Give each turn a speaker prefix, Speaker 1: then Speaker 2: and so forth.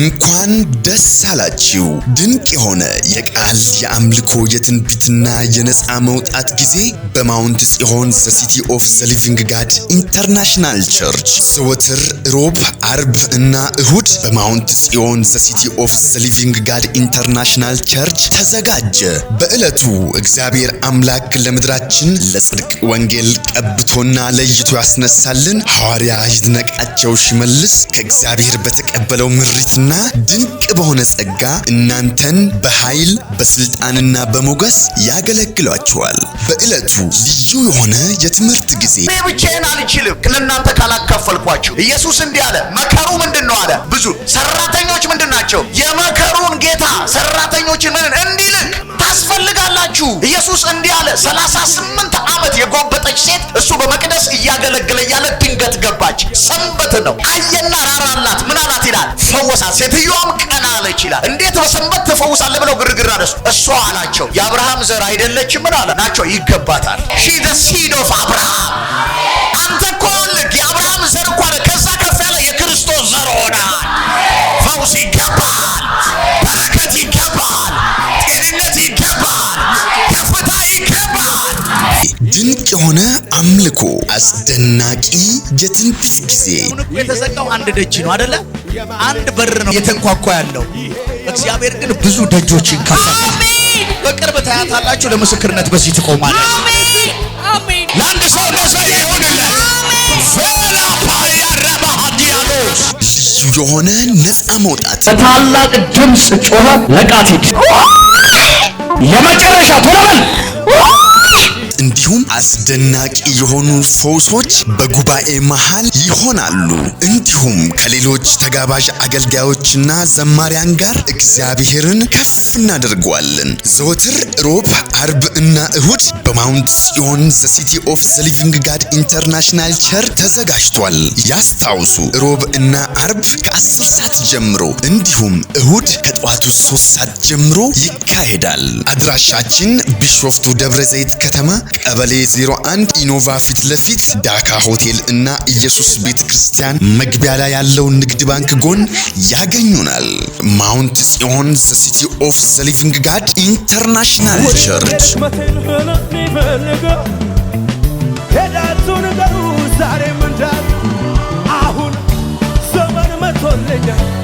Speaker 1: እንኳን ደስ አላችሁ! ድንቅ የሆነ የቃል የአምልኮ የትንቢትና የነፃ መውጣት ጊዜ በማውንት ጽዮን ዘ ሲቲ ኦፍ ዘ ሊቪንግ ጋድ ኢንተርናሽናል ቸርች ዘወትር ሮብ፣ አርብ እና እሁድ በማውንት ጽዮን ዘ ሲቲ ኦፍ ዘ ሊቪንግ ጋድ ኢንተርናሽናል ቸርች ተዘጋጀ። በዕለቱ እግዚአብሔር አምላክ ለምድራችን ለጽድቅ ወንጌል ቀብቶና ለይቶ ያስነሳልን ሐዋርያ ይድነቃቸው ሽመልስ ከእግዚአብሔር በተቀበለው ምሪትና በፍቅርና ድንቅ በሆነ ጸጋ እናንተን በኃይል በስልጣንና በሞገስ ያገለግሏቸዋል። በዕለቱ ልዩ የሆነ የትምህርት ጊዜ
Speaker 2: እኔ ብቻዬን አልችልም ለእናንተ ካላካፈልኳችሁ። ኢየሱስ እንዲህ አለ። መከሩ ምንድን ነው አለ? ብዙ ሰራተኞች ምንድን ናቸው? የመከ አለችው። ኢየሱስ እንዲህ አለ። 38 ዓመት የጎበጠች ሴት እሱ በመቅደስ እያገለገለ እያለ ድንገት ገባች። ሰንበት ነው። አየና ራራላት። ምን አላት ይላል? ፈወሳት። ሴትዮዋም ቀና አለች ይላል። እንዴት በሰንበት ትፈውሳለህ ብለው ግርግር አነሱ። እሷ አላቸው የአብርሃም ዘር አይደለችም? ምን አለ ናቸው ይገባታል። ሺ ዘ ሲድ ኦፍ አብርሃም አንተ እኮ
Speaker 1: ድንቅ የሆነ አምልኮ፣ አስደናቂ የትንቢት ጊዜ።
Speaker 3: የተዘጋው አንድ ደጅ ነው አደለ? አንድ በር ነው የተንኳኳ ያለው። እግዚአብሔር ግን ብዙ ደጆችን ከፈተ። በቅርብ ታያታላችሁ። ለምስክርነት በዚህ ትቆማላችሁ።
Speaker 4: ለአንድ ሰው መሳያ ይሆንለት
Speaker 1: የሆነ ነፃ መውጣት
Speaker 5: በታላቅ ድምፅ ጮኸ የመጨ
Speaker 1: አስደናቂ የሆኑ ፈውሶች በጉባኤ መሃል ይሆናሉ። እንዲሁም ከሌሎች ተጋባዥ አገልጋዮችና ዘማሪያን ጋር እግዚአብሔርን ከፍ እናደርገዋለን። ዘወትር ሮብ፣ አርብ እና እሁድ በማውንት ጽዮን ዘ ሲቲ ኦፍ ዘ ሊቪንግ ጋድ ኢንተርናሽናል ቸር ተዘጋጅቷል። ያስታውሱ፣ ሮብ እና አርብ ከአስር ሰዓት ጀምሮ እንዲሁም እሁድ ከጠዋቱ ሶስት ሰዓት ጀምሮ ይካሄዳል። አድራሻችን ቢሾፍቱ ደብረ ዘይት ከተማ ቀበሌ 01 ኢኖቫ ፊት ለፊት ዳካ ሆቴል እና ኢየሱስ ቤተ ክርስቲያን መግቢያ ላይ ያለው ንግድ ባንክ ጎን ያገኙናል። ማውንት ጽዮን ዘ ሲቲ ኦፍ ዘ ሊቪንግ ጋድ ኢንተርናሽናል ቸርች ዛሬ እንዳል አሁን ዘመን መቶልኛል